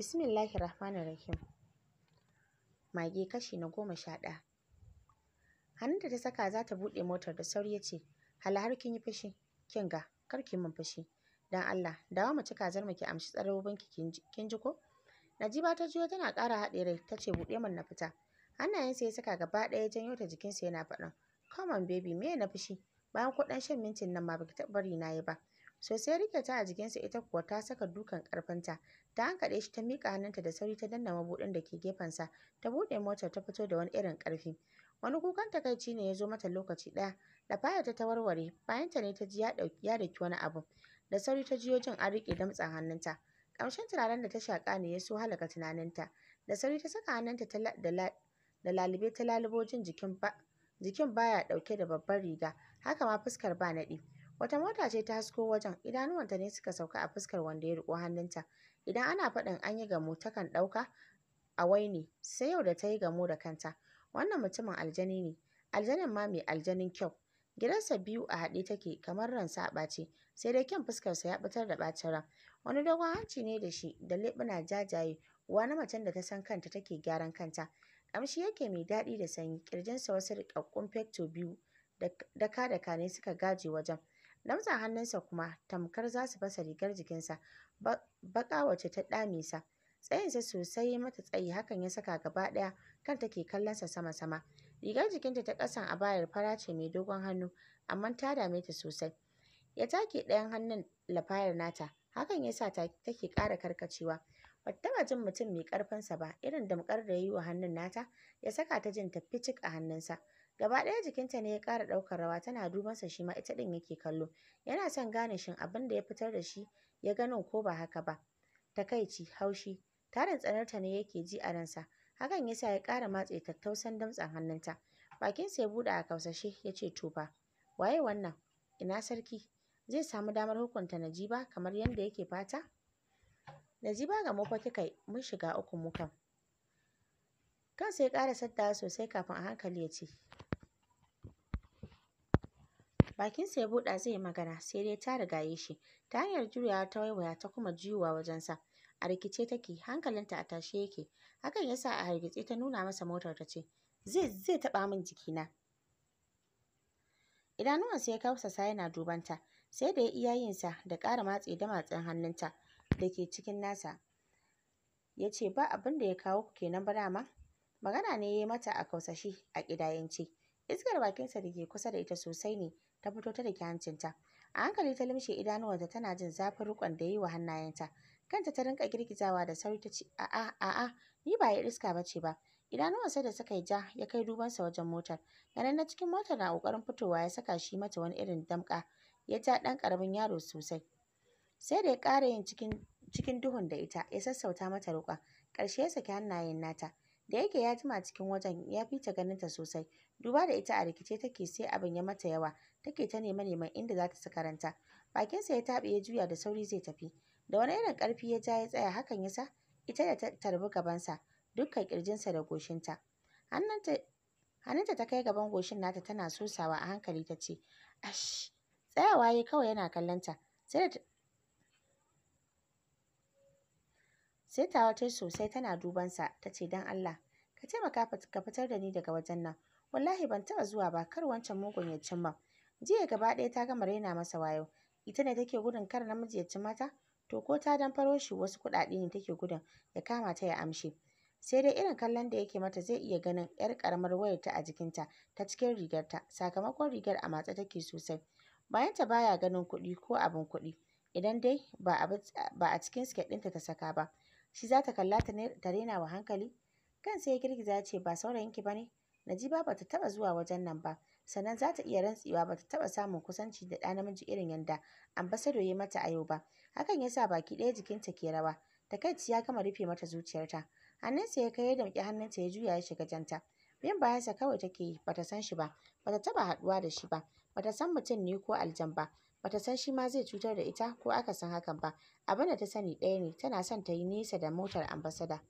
Bismillahi Rahmanir Rahim. Mage kashi na goma sha ɗaya. Hannun da ta saka za ta buɗe motar da sauri ya ce, Halahar kin yi fashi, kin ga, kar ki min fashi. Don Allah, dawo mu ci kazar mu ki amshi tsarobin ki kin ji ko? Najiba ta juyo tana ƙara haɗe rai ta ce buɗe min na fita. Hannayensa ya saka gaba ɗaya janyo ta jikinsa yana faɗan. Come on baby, me na fashi? Bayan kuɗin shan mintin nan ma baki taɓa bari na yi ba. sosai rike ta a jikinsa ita kuwa ta saka dukan karfinta ta hankaɗe shi ta miƙa hannunta da sauri ta danna mabuɗin da ke gefensa ta buɗe motar ta fito da wani irin ƙarfi wani kukan takaici ne ya zo mata lokaci ɗaya lafaya ta warware bayanta ne ta ji ya daki wani abu da sauri ta jiyo jin an riƙe damtsan hannunta ƙamshin turaren da ta shaƙa ne ya so halaka tunaninta da sauri ta saka hannunta da lalube ta lalubo jin jikin baya ɗauke da babbar riga haka ma fuskar ba naɗi Wata mota ce ta hasko wajen, idanuwanta ne suka sauka a fuskar wanda ya riko hannunta. Idan ana faɗin an yi gamo takan ɗauka a waini, sai yau da ta yi gamo da kanta. Wannan mutumin aljani ne, aljanin ma mai aljanin kyau. Gidansa biyu a haɗe take kamar ransa a ɓace, sai dai kyan fuskarsa ya fitar da ɓacin ran. Wani dogon hanci ne da shi da leɓuna jajaye, uwa na macen da ta san kanta take gyaran kanta. Ƙamshi yake mai daɗi da sanyi, ƙirjinsa wasu riƙaƙƙun fecto biyu da daka ne suka gaje wajen. lamtsa hannunsa kuma tamkar za su fasa rigar jikinsa baƙa wacce ta ɗame sa tsayinsa sosai mata tsayi hakan ya saka gaba ɗaya kan take kallonsa sama-sama rigar jikinta ta ƙasan a bayar fara ce mai dogon hannu amma ta dame ta sosai ya take ɗayan hannun lafayar nata hakan ya sa take ƙara karkacewa ba ta taɓa jin mutum mai ƙarfinsa ba irin damƙar da ya yi wa hannun nata ya saka ta jin ta ficik a hannunsa gaba ɗaya jikinta ne ya ƙara ɗaukar rawa tana duban sa shi ma ita ɗin yake kallo yana son gane shin abin da ya fitar da shi ya gano ko ba haka ba takaici haushi tarin tsanarta ne yake ji a ransa hakan yasa ya ƙara matse tattausan damtsen hannunta bakinsa ya buɗe a kausashe ya to fa waye wannan ina sarki zai samu damar hukunta Najiba kamar yadda yake fata Najiba ga mu fa mun shiga uku mukan kan kansa ya ƙara saddawa sosai kafin a hankali ya ce Bakinsa ya buɗa zai yi magana sai dai ta rigaye shi. Ta hanyar juyawa ta waiwaya ta kuma juyowa sa. A rikice take hankalinta a tashe yake. Hakan ya sa a hargitse ta nuna masa motar ta ce zai zai taɓa min jikina. Idanuwansa ya kausasa yana dubanta sai da ya iya yinsa da ƙara matse damatsen hannunta da ke cikin nasa. Ya ce ba abin da ya kawo ku kenan ba dama? Magana ne ya yi mata a kausashe a ƙidayance. Iskar bakinsa da ke kusa da ita sosai ne ta fito ta daki hancinta a hankali ta limshe idanuwanta tana jin zafin rukon da ya yi wa hannayenta kanta ta rinka girgizawa da sauri ta ce a'a a'a ni ba ya iska ba ce ba idanuwansa da suka yi ja ya kai dubansa wajen motar ganin na cikin motar na ƙoƙarin fitowa ya saka shi mata wani irin damƙa. ya ja ɗan ƙaramin yaro sosai sai da ya ƙara yin cikin cikin duhun da ita ya sassauta mata roƙa ƙarshe ya saki hannayen nata da yake ya jima cikin wajen ya fi ta ganin ta sosai duba da ita a rikice take sai abin ya mata yawa take ta nema neman inda za ta karanta. Bakin sa ya taɓe ya juya da sauri zai tafi da wani irin karfi ya ja ya tsaya hakan ya sa ita da ta tarbi gabansa dukkan ƙirjinsa da goshinta hannunta ta kai gaban goshin nata tana sosawa a hankali ta ce ash tsayawa ya kawai yana kallon ta sai da sai tawa ta sosai tana dubansa ta ce don Allah ka taimaka ka fitar da ni daga wajen nan wallahi ban taɓa zuwa ba kar wancan mugun ya cimma jiya gaba ɗaya ta gama raina masa wayo ita ne take gudun kar namiji ya cin mata to ko ta dan faro shi wasu kuɗaɗe ne take gudun ya kama ta ya amshe sai dai irin kallon da yake mata zai iya ganin yar karamar wayar ta a jikinta ta cikin rigarta sakamakon rigar a matse take sosai bayanta baya ganin kuɗi ko abin kuɗi idan dai ba a cikin siket ɗinta ta saka ba shi za ta kalla ta rena wa hankali kan sai girgiza ya ce ba saurayin ki ba ne najiba ba ta taɓa zuwa wajen nan ba sannan za ta iya rantsewa ba ta taɓa samun kusanci da ɗa namiji irin yanda ambasado ya mata a yau ba hakan ya sa baki ɗaya jikinta ke rawa takaici ya gama rufe mata zuciyarta hannunsa ya kai ya damƙi hannunta ya juya ya shiga janta bin bayansa kawai take yi bata san shi ba bata taɓa haɗuwa da shi ba bata san mutum ne ko aljan ba bata san shi ma zai cutar da ita ko aka san hakan ba da ta sani ɗaya ne tana son ta yi nesa da motar ambasada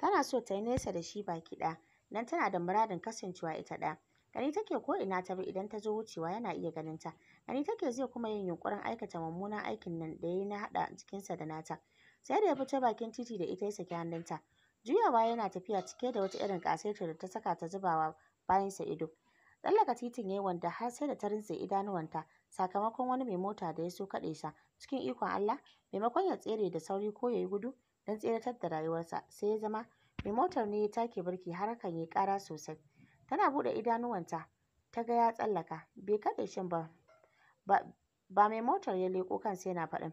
tana so ta yi nesa da shi baki ɗaya nan tana da muradin kasancewa ita ɗaya gani take ko ina ta bi idan ta zo wucewa yana iya ganin ta gani take zai kuma yin yunƙurin aikata mummunan aikin nan da yayi na haɗa jikinsa da nata sai da ya fito bakin titi da ita ya saki hannunta juyawa yana tafiya cike da wata irin ƙasaitar da ta saka ta zubawa bayansa ido Tsallaka titin ya yi wanda har sai da ta rintse idanuwanta sakamakon wani mai mota da ya so kaɗe sa cikin ikon Allah maimakon ya tsere da sauri ko ya yi gudu don tseratar da rayuwarsa sai ya zama mai motar ne ya take barki, har hakan yayi ƙara sosai. Tana buɗe idanuwanta ta ga ya tsallaka bai kaɗe shin ba ba mai motar ya leƙo kansa yana faɗin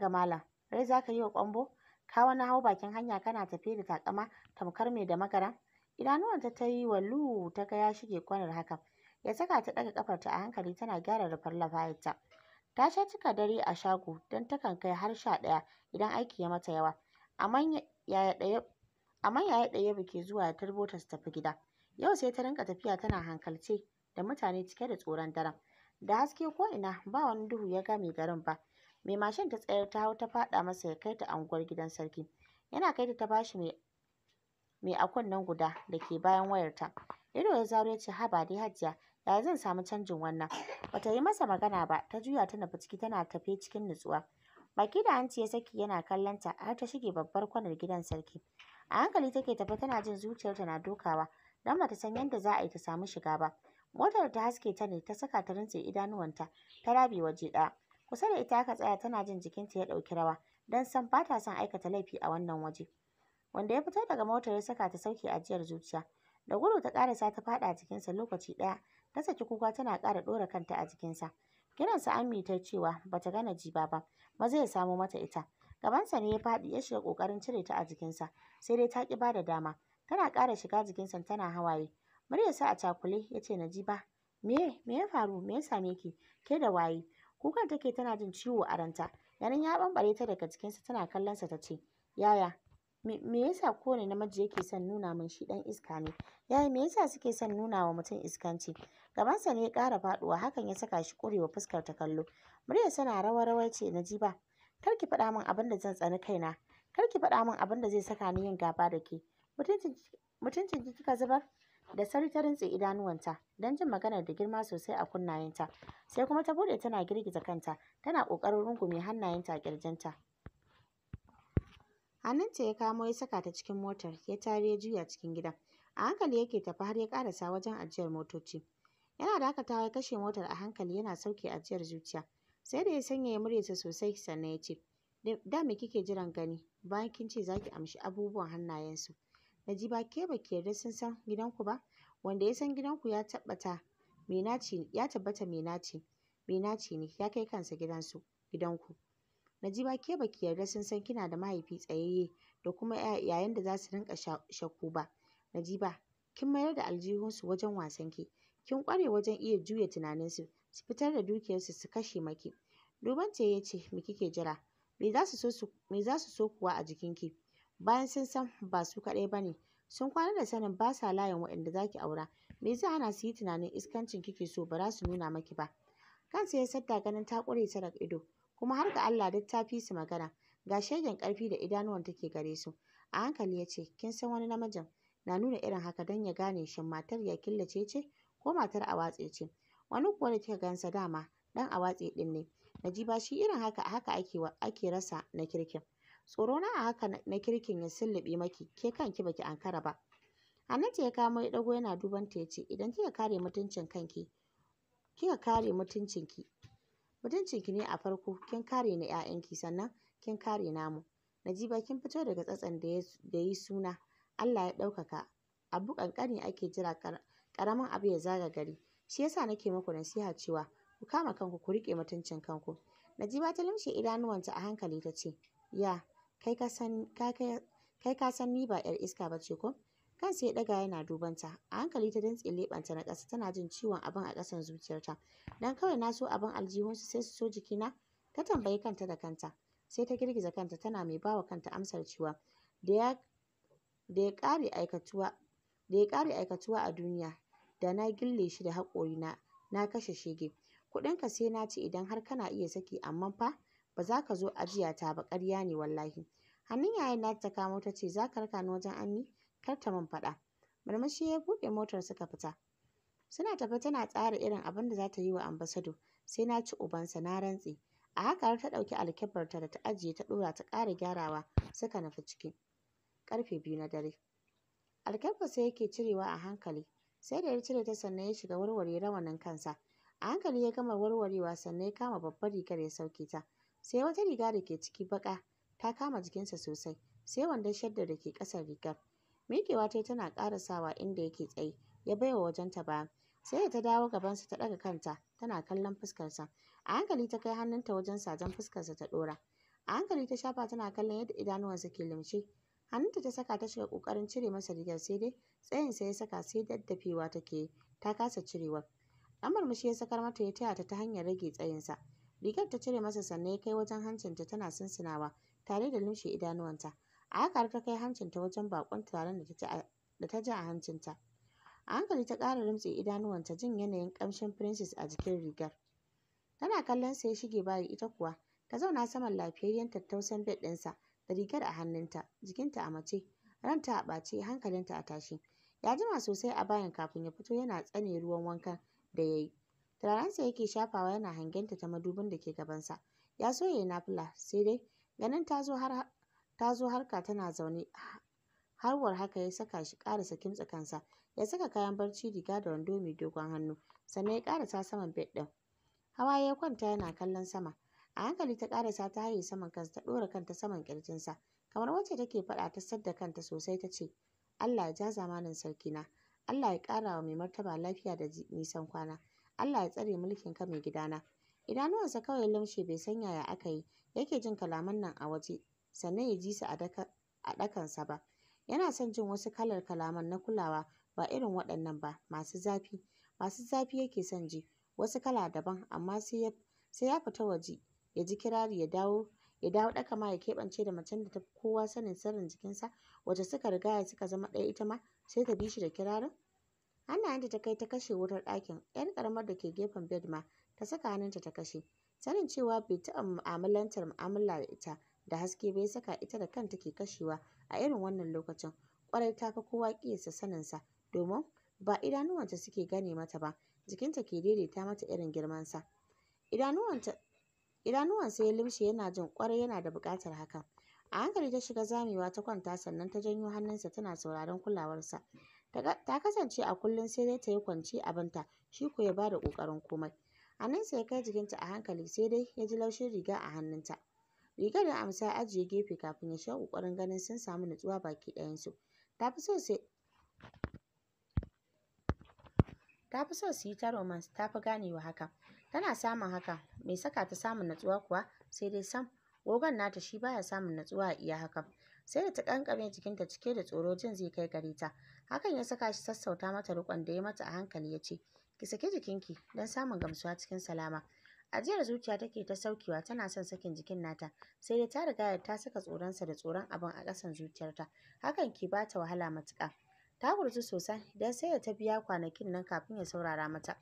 ga malam rai za ka yi wa ƙwambo ka wani hau bakin hanya kana tafe da taƙama tamkar mai da magara idanuwan ta yi wa Lu ta ga ya shige kwanar hakan. Ya saka ta ɗaga ƙafarta a hankali tana gyara rufar lafayarta. Ta sha cika dare a shago don kan kai har sha ɗaya idan aiki ya mata yawa. Amman yaya ɗaya buke zuwa ya tarbo ta su tafi gida. Yau sai ta rinka tafiya tana hankalce da mutane cike da tsoron daren. Da haske ko ina ba wani duhu ya game garin ba. Mai mashin ta tsayar ta hau ta faɗa masa ya kai ta unguwar gidan sarki. Yana kai ta ta bashi mai mai a kunnen guda da ke bayan wayarta. Ido ya zaro ya ce haba dai Hajiya ya zan samu canjin wannan. Bata yi masa magana ba ta juya ta nufi ciki tana tafe cikin nutsuwa. Baki da hanci ya saki yana kallon ta har ta shige babbar kwanar gidan sarki. A hankali take tafe tana jin zuciyarta na dokawa don bata san yadda za a yi ta samu shiga ba. Motar da ta haske ta ne ta saka ta rintse idanuwanta ta rabe waje ɗaya. Kusa da ita aka tsaya tana jin jikinta ya ɗauki rawa don san ba ta son aikata laifi a wannan waje. wanda ya fito daga motar ya saka ta sauke ajiyar zuciya da gudu ta karasa ta fada jikinsa lokaci daya ta saki kuka tana kara ɗora kanta a jikinsa kiransa ammi ta cewa bata gana jiba ba maza ya samo mata ita gabansa ne ya faɗi ya shiga ƙoƙarin cire ta a jikinsa sai dai ta ki bada dama tana ƙara shiga jikin jikinsa tana hawaye muryarsa a cakule ya ce Najiba me me ya faru me ya same ki ke da waye kukan take tana jin ciwo a ranta ganin ya bambare ta daga jikinsa tana kallonsa ta ce yaya me yasa kowane namiji yake son nuna min shi dan iska ne yaya me yasa suke son nuna wa mutum iskanci gabansa ne ya ƙara faduwa, hakan ya saka shi ƙurewa fuskar ta kallo murya sana rawa rawa ce na ji ba kar ki faɗa min abin da zan tsani kaina kar ki faɗa min abin da zai saka ni yin gaba da ke mutuncin ki kika zubar da sauri ta rintse idanuwanta don jin maganar da girma sosai a kunnayenta sai kuma ta bude tana girgiza kanta tana ƙoƙarin rungume hannayenta ƙirjinta Hannunta ya kamo ya saka ta cikin motar ya tare ya juya cikin gidan. A hankali yake tafi har ya karasa wajen ajiyar motoci. Yana dakatawa ya kashe motar a hankali yana sauke ajiyar zuciya. Sai da ya sanya ya ta sosai sannan ya ce, Da me kike jiran gani bayan kin ce zaki amshi abubuwan hannayensu. Najiba ke ba ki yarda sun san gidanku ba? Wanda ya san gidanku ya tabbata me ya tabbata me me ne ya kai kansa gidansu gidanku. Najiba ke baki yarda sun san kina da mahaifi tsayayye da kuma yayan da za su rinka shakku ba. Najiba kin mayar da aljihunsu wajen wasan ki. Kin ƙware wajen iya juya tunaninsu su fitar da dukiyarsu su kashe maki. Duban ta ya ce me kike jira? Me za su so me za su so kuwa a jikinki? Bayan sun san ba su kaɗai ba ne. Sun kwana da sanin ba sa layin waɗanda za ki aura. Me zai hana su yi tunanin iskancin kike so ba za su nuna maki ba. Kansa ya sadda ganin ta ƙure ta daga ido. kuma har ga Allah duk ta fi su magana ga shegen ƙarfi da idanuwan take gare su a hankali ya ce kin san wani namijin na nuna irin haka don ya gane shi. matar ya killace ce ko matar a watse ce wani kuwa da kika gansa dama dan a watse din ne Najiba shi irin haka a haka ake ake rasa na kirkin tsoro na a haka na kirkin ya sullube maki ke kanki baki ankara ba Hannatu ya kamo ya dago yana duban ta yace idan kika kare mutuncin kanki kika kare mutuncinki ki ne a farko, kin kare na 'ya'yanki sannan kin kare namu. Najiba kin fito daga tsatsen da yi suna, Allah ya ɗaukaka. Abu ƙanƙani ake jira ƙaramin abu ya zaga gari. Shi yasa nake muku nasiha cewa ku kama kanku ku riƙe mutuncin kanku. Najiba ta lumshe idanuwanta a hankali ta ce, Ya, kai ka san ni ba 'yar iska ba ce ko? Kansa ya ɗaga yana dubanta. A hankali ta dantse ta na ƙasa tana jin ciwon abin a ƙasan zuciyarta. Dan kawai na so abin aljihunsu sai su so jikina. Ta tambayi kanta da kanta. Sai ta girgiza kanta tana mai bawa kanta amsar cewa da ya da ya ƙare aikatuwa da ya ƙare aikatuwa a duniya da na gille shi da haƙori na na kashe shege. Kuɗinka sai na ci idan har kana iya saki amma fa ba za ka zo ta ba ƙarya ne wallahi. Hannun yayan nata ta kamo ta ce za ka raka ni wajen Ammi? kar ta min faɗa murmushi ya buɗe motar suka fita suna tafe tana tsara irin abin da za ta yi wa ambasado sai na ci ubansa na rantse a haka har ta ɗauki alkyabbarta da ta ajiye ta ɗora ta ƙara gyarawa suka nufi ciki ƙarfe biyu na dare alkyabbar sai yake cirewa a hankali sai da ya cire ta sannan ya shiga warware rawanin kansa a hankali ya gama warwarewa sannan ya kama babbar rigar ya sauke ta sai wata riga da ke ciki baƙa ta kama jikinsa sosai sai wandon shaddar da ke ƙasar rigar mikewa ta tana ƙarasawa inda yake tsaye, ya baiwa wajenta baya. Sai da ta dawo gabansa ta ɗaga kanta, tana kallon fuskarsa. A hankali ta kai hannunta wajen sajen fuskarsa ta ɗora. A hankali ta shafa tana kallon yadda idanuwansa ke limshe. Hannunta ta saka ta shiga ƙoƙarin cire masa rigar sai dai tsayin tsayinsa ya saka sai daddafewa take ta kasa cirewa. Ɗan murmushi ya sakar mata ya taya ta ta hanyar rage tsayinsa. Rigar ta cire masa sannan ya kai wajen hancinta tana sunsunawa tare da lumshe idanuwanta. a haka har ta kai hancinta wajen bakon turaren da ta ji a hancin ta. a hankali ta ƙara rumtse idanuwanta jin yanayin ƙamshin princess a jikin rigar tana kallon sa ya shige bayi ita kuwa ta zauna saman lafiyayyen tattausan bed ɗinsa da rigar a hannunta jikinta a mace ranta a ɓace hankalinta a tashi ya jima sosai a bayan kafin ya fito yana tsane ruwan wanka da ya yi turarensa yake shafawa yana hangenta ta madubin da ke gabansa ya so ya yi nafila sai dai ganin ta zo har ta zo harka tana zaune harwar haka ya saka shi ƙarasa kimtsa kansa ya saka kayan barci riga da wando mai dogon hannu sannan ya ƙarasa saman bed ɗin hawa ya kwanta yana kallon sama a hankali ta ƙarasa ta haye saman kansa ta ɗora kanta saman ƙirjinsa kamar wacce take faɗa ta sadda kanta sosai ta ce Allah ya ja zamanin sarki na Allah ya ƙara wa mai martaba lafiya da nisan kwana Allah ya tsare mulkin ka mai gidana idanuwansa kawai lamshe bai san yaya aka yi yake jin kalaman nan a waje sannan ya ji su a ɗakansa ba. Yana son jin wasu kalar kalaman na kulawa ba irin waɗannan ba masu zafi. Masu zafi yake son ji wasu kala daban amma sai ya fita waje ya ji kirari ya dawo ya dawo ɗaka ma ya keɓance da macen da ta kowa sanin sirrin jikinsa wacce suka rigaya suka zama ɗaya ita ma sai ta bi shi da kirarin. Hannayenta ta kai ta kashe wutar ɗakin, ‘yar ƙaramar da ke gefen bed ma ta saka hannunta ta kashe. Sanin cewa bai taɓa mu'amalantar mu'amala da ita da haske bai saka ita da kanta ke kashewa a irin wannan lokacin kwarai ta fi kowa sanin saninsa domin ba idanuwanta suke gane mata ba jikinta ke daidaita mata irin girmansa idanuwanta idanuwansa ya limshe yana jin kwarai yana da bukatar hakan a hankali ta shiga zamewa ta kwanta sannan ta janyo hannunsa tana sauraron kulawarsa ta kasance a kullum sai dai ta yi kwanci abinta shi ko ya bada ƙoƙarin komai hannunsa ya kai jikinta a hankali sai dai ya ji laushin riga a hannunta Rigar da amsa ya ajiye gefe kafin ya sha ƙoƙarin ganin sun samu nutsuwa baki ɗayansu. Ta fi so sai ta so su yi ta romance ta fi ganewa haka tana samun haka Me saka ta samun natsuwa kuwa sai dai sam gogon nata shi baya samun natsuwa a iya haka sai da ta ƙanƙame jikinta cike da tsoro jin zai kai gare ta hakan ya saka shi sassauta mata rikon da ya mata a hankali ya ce ki saki jikinki don samun gamsuwa cikin salama ajiyar zuciya take ta saukewa tana son sakin jikin nata sai dai ta riga ta saka tsoron sa da tsoron abin a ƙasan zuciyarta hakan ke ba ta wahala matuƙa ta gurji sosai don sai da ta biya kwanakin nan kafin ya saurara mata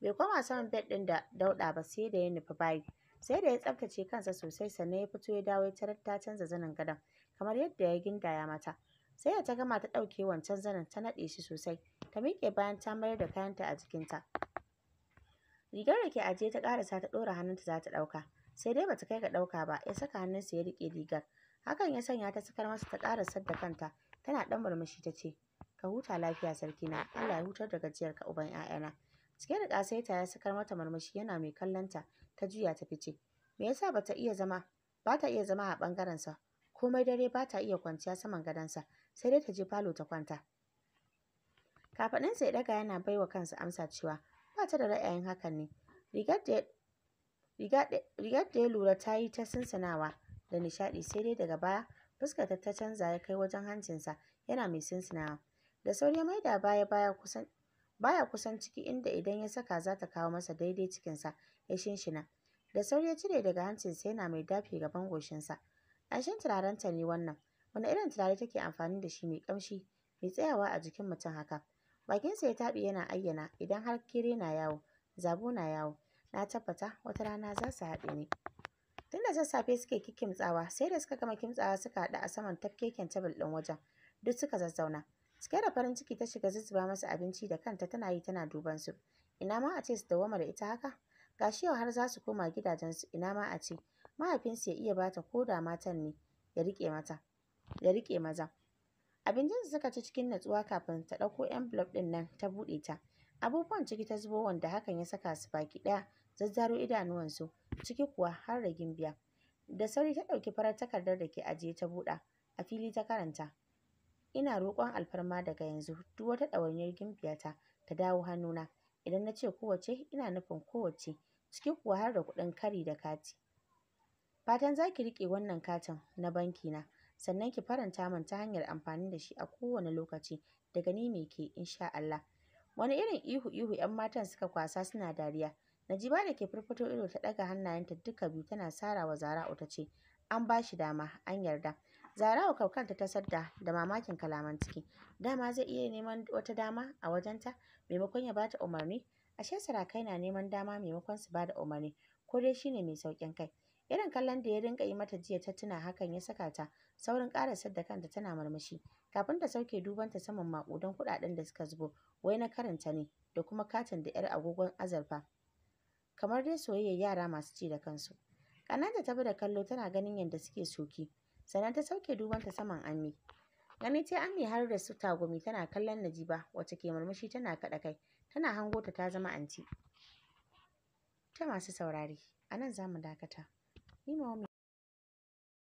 bai koma saman bed ɗin da dauɗa ba sai da ya nufi bayi sai da ya tsaftace kansa sosai sannan ya fito ya dawo ya tarar ta canza zanin gadon kamar yadda ya gindaya mata sai da ta gama ta ɗauke wancan zanin ta naɗe shi sosai ta miƙe bayan ta mayar da kayanta a jikinta rigar da ke ajiye ta karasa ta ɗora hannunta za ta ɗauka sai dai bata kai ga ɗauka ba ya saka hannunsa ya riƙe rigar hakan ya sanya ta sakar masa ta karasar da kanta tana ɗan murmushi ta ce ka huta lafiya sarki na Allah ya hutar da gajiyar ka uban ƴaƴana cike da ƙasaita ya sakar mata murmushi yana mai kallonta ta juya ta fice me yasa bata iya zama bata iya zama a ɓangaren sa komai dare bata iya kwanciya saman sa, sai dai ta je falo ta kwanta kafaɗinsa ya daga yana baiwa kansa amsa cewa ba ta da ra'ayin hakan ne rigar da ya lura ta yi ta sinsinawa da nishaɗi sai dai daga baya fuskar ta ta canza ya kai wajen hancinsa yana mai sinsinawa da sauri ya maida baya kusan ciki inda idan ya saka za ta kawo masa daidai cikinsa ya shinshina da sauri ya cire daga hancinsa yana mai dafi gaban goshinsa turaren turarenta ne wannan wani irin turare take amfani da shi mai kamshi mai tsayawa a jikin mutum haka Bakin Bakinsa ya taɓe yana ayyana idan har kire na yawo, zabo na yawo, na tabbata wata rana za su haɗe ne. Tun da sassafe suke kikkimtsawa sai da suka gama kimtsawa suka haɗu a saman tafkeken tebul ɗin wajen duk suka zazzauna. Cike da farin ciki ta shiga zuzzuba masu abinci da kanta tana yi tana duban su. Ina ma a ce su dawwama da ita haka? Gashi yau har za su koma gidajensu ina ma a ce mahaifinsu ya iya bata ko da matan ne ya riƙe mata. Ya riƙe maza. Abincin su suka ci cikin natsuwa kafin ta ɗauko envelope ɗin nan ta buɗe ta. Abubuwan ciki ta zubo wanda hakan ya saka su baki ɗaya zazzaro idanuwansu ciki kuwa har da gimbiya. Da sauri ta ɗauki farar takardar da ke ajiye ta buɗa a fili ta karanta. Ina roƙon alfarma daga yanzu duk wata ɗawainiyar gimbiya ta dawo hannuna. Idan na ce kowace ina nufin kowace ciki kuwa har da kuɗin kari da kati. Fatan za ki riƙe wannan katin na banki na sannan ki faranta min ta hanyar amfani da shi a kowane lokaci daga ni mai ke insha Allah wani irin ihu ihu yan matan suka kwasa suna dariya Najiba da ke firfito ido ta ɗaga hannayenta duka biyu tana wa Zara'u ta ce an bashi dama an yarda Zara'u kaukanta ta sadda da mamakin kalaman ciki dama zai iya neman wata dama a wajenta maimakon ya bata umarni ashe sarakai na neman dama maimakon su bada umarni ko dai shine mai saukin kai Irin kallon da ya rinka yi mata jiya ta tuna hakan ya saka ta saurin ƙarasar sadda kanta tana marmashi. Kafin ta sauke dubanta saman maƙudan kuɗaɗen da suka zubo, wai na karanta ne da kuma katin da 'yar agogon azurfa. Kamar dai soyayya yara masu ci da kansu. Kananta ta bi da kallo tana ganin yadda suke soki. Sannan ta sauke dubanta saman Ami. Gani ta Ami har da su tagumi tana kallon Najiba wacce ke murmushi tana kaɗa kai. Tana hango ta ta zama anti. Ta masu saurari, a nan za mu dakata. you know me